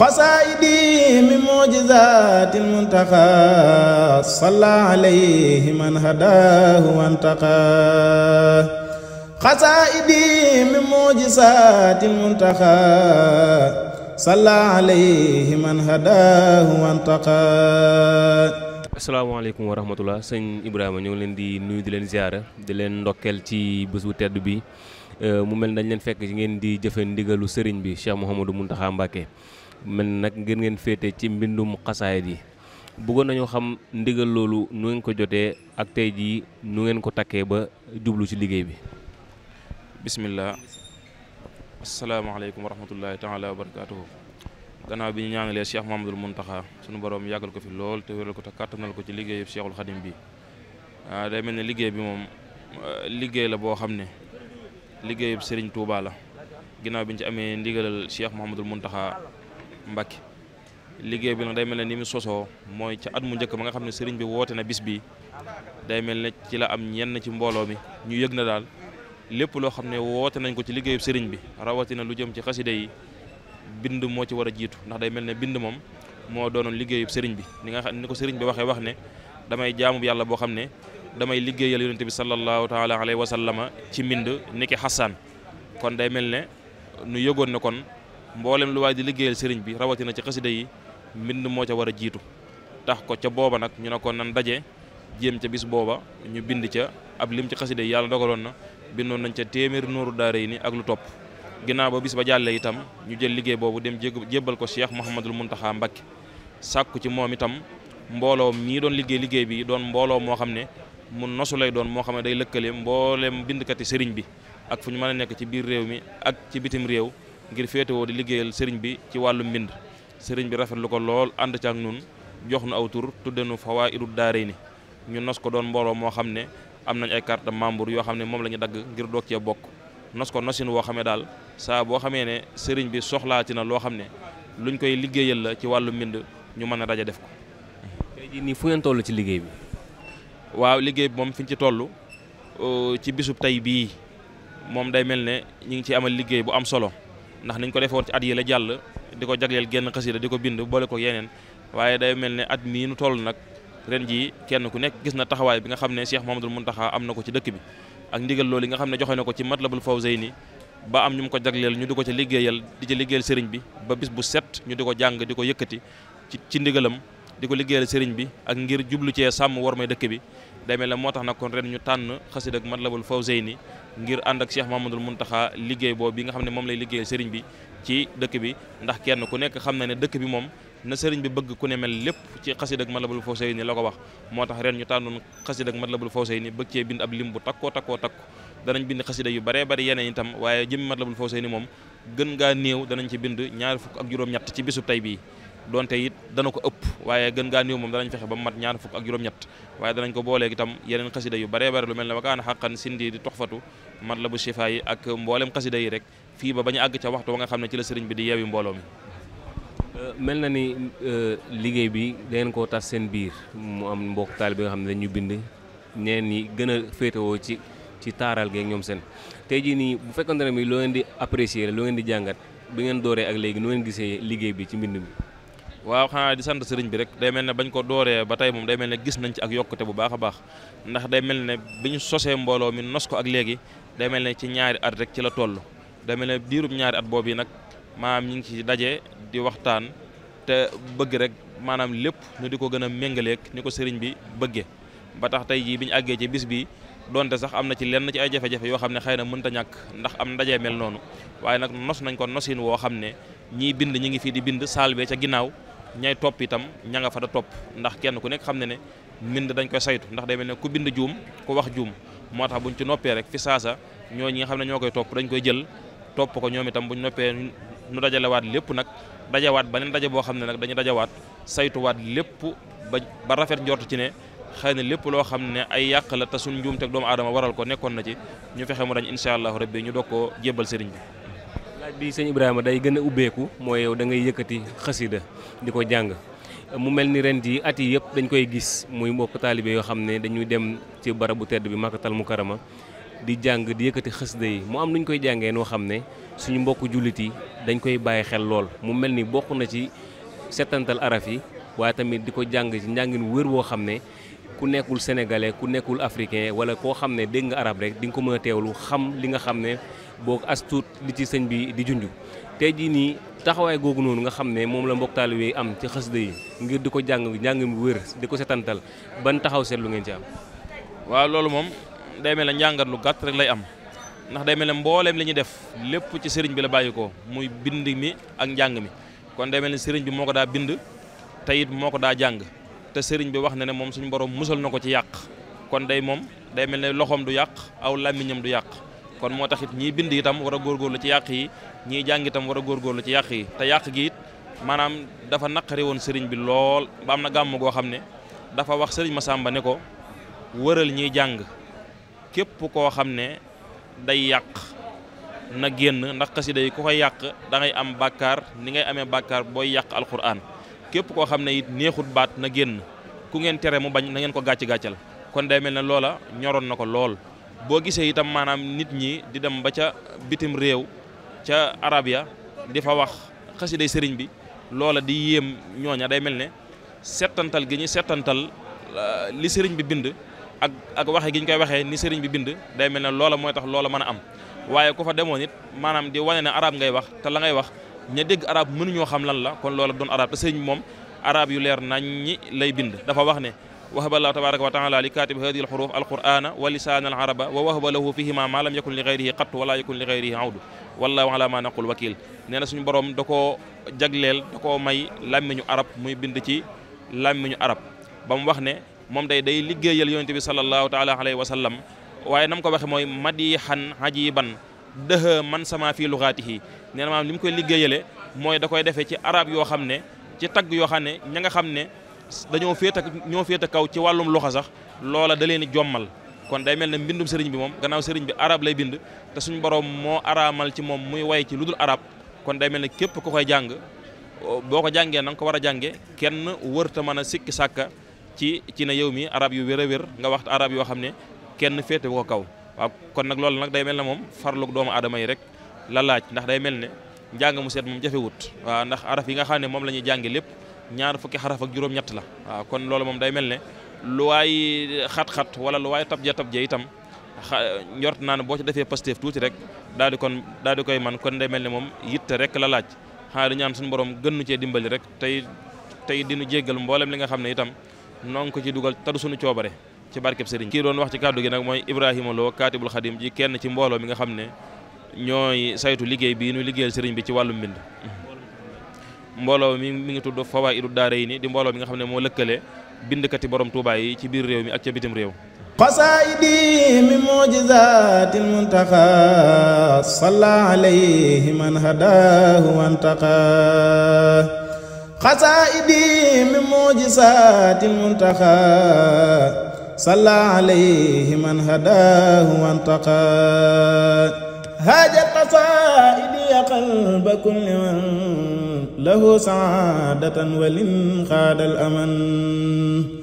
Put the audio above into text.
قصائدي من معجزات المنتقى صلى عليه من هداه وانتقى قصائدي من معجزات المنتقى صلى عليه من هداه وانتقى asalaamaaleykum wa rahmatullah sëñ Ibrahima ñoo ngi leen di nuyu di leen ziara di leen ndokkeel ci bés bu tedd bi mu mel dañ leen fekk ngeen di jëfe ndigalu sëriñ bi Cheikh Mouhamadou Mountakha Mbacké mel nag ngeen ngeen féete ci mbindum xasaayit yi bëggoon nañu xam ndigal loolu nu ngeen ko jotee ak tey jii nu ngeen ko takkee ba jublu ci liggéey bi bisimilah asalaamaaleykum wa rahmatullahi taala wa barakatuhu gannaaw bi ñu ñaanalee Cheikh Mahamadul Muntaxa sunu borom yàggal ko fi lool te wéral ko te kàttanal ko ci liggéey liggéeyu Cheikhul Xadim bi ah, day mel ne liggéey bi moom euh, liggéey la boo xam ne liggéey liggéeyub sëriñ Touba la ginnaaw bi ñu ci amee ndigalal Cheikh Mahamadul Muntaxa Mbacke liggéey bi nag day mel ne ni mu sosoo mooy ca at mu jëkk ma nga xam ne sëriñ bi woote na bis bi day mel ne ci la am ñenn ci mbooloo mi ñu yëg na daal lépp loo xam ne woote nañ ko ci liggéeyu sëriñ bi rawatina lu jëm ci xasida yi bind moo ci war a jiitu ndax day mel ne bind moom moo doonoon liggéeyu sëriñ bi ni nga xam ni ko sëriñ bi waxee wax ne damay jaamu yàlla boo xam ne damay liggéeyal yonent bi sallallahu taala alayhi wa sallama ci mbind niki Xassaan kon day mel ne nu yëgoon ne kon mboolem lu waay di liggéeyal sëriñ bi rawatina ci xasida yi mbind moo ca war a jiitu tax ko ca booba nag ñu ne ko nan daje jéem ca bis booba ñu bind ca ab lim ci xasida yi yàlla dogaloon na bindoon nañ ca téeméeri nooru daara yi ni ak lu topp ginnaaw ba bis ba jàllee itam ñu jël liggéey boobu dem jébbal ko Cheikh Mouhamadul Mountakha Mbacké sàkku ci moom itam mbooloo mii doon liggéey liggéey bi doon mbooloo moo xam ne mu nosu lay doon moo xam ne day lëkkale mbooleem bindkati sëriñ bi ak fu ñu mën a nekk ci biir réew mi ak ci bitim réew ngir féetewoo di liggéeyal sëriñ bi ci wàllu mbind sëriñ bi rafet lu ko lool ànd ci ak nun jox nu aw tur tuddenu Fawaaidud ni ñu nos ko doon mbooloo moo xam ne am nañ ay carte membre yoo xam ne moom la ñu dagg ngir doog cee bokk nos ko nosin woo xamee daal saa boo xamee ne sëriñ bi soxlaati na loo xam ne luñ koy liggéeyal la ci wàllu mbind ñu mën a daje def ko. tey jii nii fu ngeen toll ci liggéey bi. waaw liggéey bi moom fi ñu ci toll uh, ci bisub tey bii moom day mel ne ñu ngi ciy amal liggéey bu am solo. ndax niñ ko defoon ci at yi la jàll di ko jagleel genn xasida di ko bind boole ko yeneen waaye day mel ne at mii nu toll nag ren jii kenn ku nekk gis na taxawaay bi nga xam ne Cheikh Mouhamadoul Mountakha am na ko ci dëkk bi ak ndigal loolu yi nga xam ne joxe na ko ci la bul Matlabul Fawzayni ba am ñu mu ko jagleel ñu di ko ci liggéeyal di ci liggéeyal sëriñ bi ba bis bu set ñu di ko jàng di ko yëkkati ci ci ndigalam di ko liggéeyal sëriñ bi ak ngir jublu cee sàmm war may dëkk bi day mel moo tax na kon ren ñu tànn xasida ak Matlabul Fawzayni ngir ànd ak Cheikh Mamadul Muntaxa liggéey boobu bi nga xam ne moom lay liggéeyal sëriñ bi ci dëkk bi ndax kenn ku nekk xam na ne dëkk bi moom na sëriñ bi bëgg ku ne mel lépp ci xasida ak Matlabul Fawzayni la ko wax moo tax ren ñu tànnoon xasida ak Matlabul Fawzayni bëgg cee bind ab lim bu takkoo takkoo takku danañ bind xasida yu baree bari yeneen itam waaye jëmmi Matlabul Fawzayni moom gën ngaa néew danañ ci bind ñaar fukk ak juróom-ñett ci bisu tey bii donte it dana ko ëpp waaye gën gaa néew moom danañ fexe ba mat ñaar fukk ak juróom-ñett waaye danañ ko booleeg itam yeneen xasida yu baree bare lu mel ne wakaan xaqan sindi di toxfatu mat la bu chifa yi ak mboolem xasida yi rek fii ba bañu àgg ca waxtu wa nga xam ne ci la di yeewi mbooloo mel na ni euh, liggéey bi dangeen koo tas seen biir mu am mbokk taalibe nga xam ne dañu bind ñeneen ñi gën a féetewoo ci ci taaral geeg ñoom seen tey jii nii bu fekkonte ne mi loo ngeen di apprécier loo ngeen di jàngat bi ngeen dooree ak léegi nu ngeen gisee liggéey bi ci mbind mi waaw xanaa di sant sëriñ bi rek day mel ne bañ ko dooree ba tey moom day mel ne gis nañ ci ak yokkute bu baax a baax ndax day mel ne bi ñu sosee mbooloo mi nos ko ak léegi day mel ne ci ñaari at rek ci la toll day mel ne diirub ñaari at boobu yi nag maanaam ñu ngi ci daje di waxtaan te bëgg rek maanaam lépp ñu di ko gën a méngaleeg ni ko sëriñ bi bëggee ba tax tey jii bi ñu àggee ci bis bii donte sax am na ci lenn ci ay jafe-jafe yoo xam ne xëy na mënta ñàkk ndax am ndaje mel noonu waaye nag nos nañ ko nosin woo xam ne ñiy bind ñi ngi fii di bind saal ca ginnaaw ñay topp itam ña nga fa da topp ndax kenn ku nekk xam ne ne mbind dañ koy saytu ndax day mel ne ku bind juum ku wax juum moo tax buñ ci noppee rek fi saasa ñoo ñi nga xam ne ñoo koy topp dañ koy jël topp ko ñoom itam buñ noppee nu dajalewaat lépp nag dajawaat beneen daje boo xam ne nag dañu dajawaat saytuwaat lépp ba ba rafet njort ci ne xay na lépp loo xam ne ay yàq la te suñ njuum teg doomu aadama waral ko nekkoon na ci ñu fexe mu dañ incha allahu rabbi ñu doog koo jébbal sëriñ bi laaj bi sëñ Ibrahima day gën a ubbeeku mooy yow da ngay yëkkati xasida di ko jàng mu mel ni ren jii at yi yëpp dañ koy gis muy mbokk taalibe yoo xam ne dañuy dem ci barabu tedd bi Makkatal Mukarrama di jàng di yëkkati xasida yi mu am nu ñu koy jàngee noo xam ne suñu mbokk jullit yi dañ koy bàyyi xel lool mu mel ni bokk na ci settantal araf yi waaye tamit di ko jàng ci njàngin wér woo xam ne ku nekkul sénégalais ku nekkul africain wala koo xam ne dégg nga arab rek dinga ko mën a teewlu xam li nga xam ne boo as li ci sëñ bi di junj tey jii nii taxawaay googu noonu nga xam ne moom la mbokk taalibe yi am ci xasida yi ngir di ko jàng njàng mi wér di ko setantal ban taxaw lu ngeen ci am. waaw loolu moom day mel ne njàngat lu gàtt rek lay am ndax day mel ne mbooleem li ñuy def lépp ci sëriñ bi la bàyyi ko muy bind mi ak njàng mi kon day mel ne sëriñ bi moo ko daa bind te it moo ko daa jàng. te sëriñ bi wax na ne moom suñu borom musal na ko ci yàq kon day moom day mel ne loxoom du yàq aw làmmiñam du yàq kon moo taxit it ñiy bind itam war a góorgóorlu ci yàq yi ñiy jàng itam war a góorgóorlu ci yàq yi te yàq gi it maanaam dafa naqari woon sëriñ bi lool ba am na gàmm goo xam ne dafa wax sëriñ ma sàmba ne ko wëral ñiy jàng képp koo xam ne day yàq na génn ndax xasida yi ku koy yàq dangay am bàkkaar ni ngay amee bàkkaar booy yàq alquran képp koo xam ne it neexut baat na génn ku ngeen tere mu bañ nangeen ngeen ko gàcc-gàccal kon day mel ne loola ñoroon na ko lool boo gisee itam maanaam nit ñi di dem ba ca bitim réew ca arab ya di fa wax xasiday sëriñ bi loola di yéem ñooña day mel ne setantal gi ñu settantal euh, li sëriñ bi bind ak ak waxe gi ñu koy waxee ni sëriñ bi bind day mel ne loola mooy tax loola mën a am waaye ku fa demoon it maanaam di wane ne arab ngay wax te la ngay wax ña dégg arab mënuñoo xam lan la kon loola doon arab te sëñ moom arab yu leer nañ ñi lay bind dafa wax ne wahaba allahu tabaraka wa taala li katib hadihi al xuruf alqurana wa lisaan al araba wa wahaba lahu fihima ma lam yakun li gayrihi qattu wala yakun li gayrihi awdu wallahu ala naqul wakil nee na suñu borom da koo jagleel da koo may làmmiñu arab muy bind ci làmmiñu arab ba mu wax ne moom day day liggéeyal yonente bi sallallahu taala alayhi wa sallam waaye nam ko waxe mooy madihan ajiban dëxë man sama fii luxaatihi nee na maam li mu koy liggéeyale mooy da koy defee ci arab yoo xam ne ci tagg yoo xam ne ña nga xam ne dañoo féet ñoo féet kaw ci wàllum loxo sax loola da leen i jommal kon day mel ne mbindum sëriñ bi moom gannaaw sëriñ bi arab lay bind te suñu borom moo araamal ci moom muy way ci lu dul arab kon day mel ne képp ku koy jàng boo ko jàngee na nga ko war a jànge kenn wërta mën a sikki sàkka ci ci na yow mi arab yu wér a wér nga wax arab yoo xam ne kenn féete bu kaw waaw kon nag loolu nag day mel ne moom farlu doomu aadama yi rek la laaj ndax day mel ne njàng mu seet moom jafewut waa ndax araf yi nga xam ne moom la ñuy jàngi lépp ñaar fukki xaraf ak la waaw loolu moom day mel ne lu waay xat-xat wala lu waay tabja tabja itam xa njort naa ne boo ci defee pasteef tuuti rek daal di kon daal di koy man kon day mel ne moom yitte rek la laaj xanaa di ñaan suñu borom gën nu cee dimbali rek tey tey dinu jéggal mboolem li nga xam ne itam noo ngi ko ci dugal tadu suñu coobare ci barkeb sëriñ kii doon wax ci kàddu gi nag mooy Ibrahima kaatibul xadim ji kenn ci mbooloo mi nga xam ne ñooy saytu liggéey bii nu liggéeyal sëriñ bi ci wàllum mbind mbooloo mi mi ngi tudd Fawaa'idu ni di mbooloo mi nga xam ne moo lëkkale bindkati borom Tuubaa yi ci biir réew mi ak ca bitim réew qasaa'idi min mu'jizaatil min mu'jizaatil muntaqa صلى عليه من هداه وانتقى هاجت قصائدي قلب كل من له سعادة ولن خاد الأمن